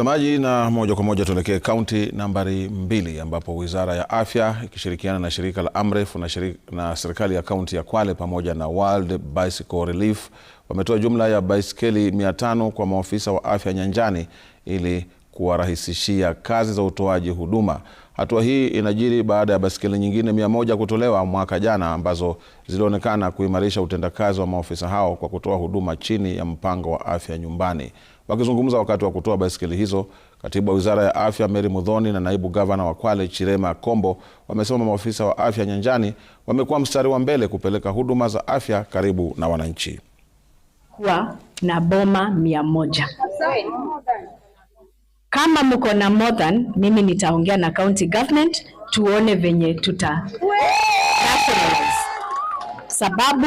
Mtazamaji, na moja kwa moja tuelekee kaunti nambari mbili ambapo wizara ya afya ikishirikiana na shirika la Amref na, na serikali ya kaunti ya Kwale pamoja na World Bicycle Relief wametoa jumla ya baiskeli 500 kwa maafisa wa afya nyanjani ili kuwarahisishia kazi za utoaji huduma. Hatua hii inajiri baada ya baskeli nyingine mia moja kutolewa mwaka jana ambazo zilionekana kuimarisha utendakazi wa maofisa hao kwa kutoa huduma chini ya mpango wa afya nyumbani. Wakizungumza wakati wa kutoa baskeli hizo, katibu wa wizara ya afya Mary Mudhoni na naibu gavana wa Kwale Chirema Kombo wamesema maofisa wa afya nyanjani wamekuwa mstari wa mbele kupeleka huduma za afya karibu na wananchi. Kuwa na boma mia moja kama mko na more than, mimi nitaongea na county government tuone venye tuta sababu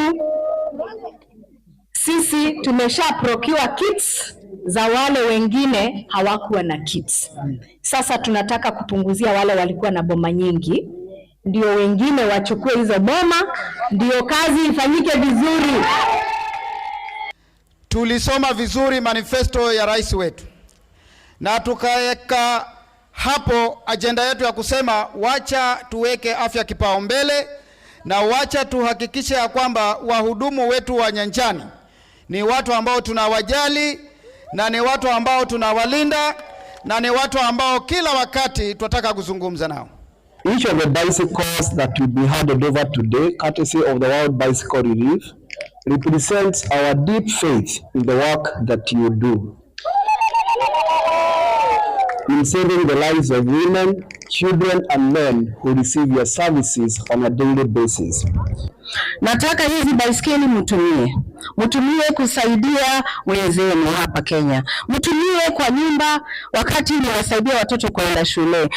sisi tumesha procure kits za wale wengine hawakuwa na kits. Sasa tunataka kupunguzia wale walikuwa na boma nyingi, ndio wengine wachukue hizo boma, ndio kazi ifanyike vizuri. Tulisoma vizuri manifesto ya rais wetu na tukaweka hapo ajenda yetu ya kusema wacha tuweke afya kipaumbele, na wacha tuhakikishe ya kwamba wahudumu wetu wa nyanjani ni watu ambao tunawajali na ni watu ambao tunawalinda na ni watu ambao kila wakati tunataka kuzungumza nao. Each of the bicycles that will be handed over today, courtesy of the World Bicycle Relief, represents our deep faith in the work that you do in saving the lives of women, children and men who receive your services on a daily basis. Nataka hizi baiskeli mtumie, mtumie kusaidia wenzenu hapa Kenya, mtumie kwa nyumba, wakati mnawasaidia watoto kwenda shule.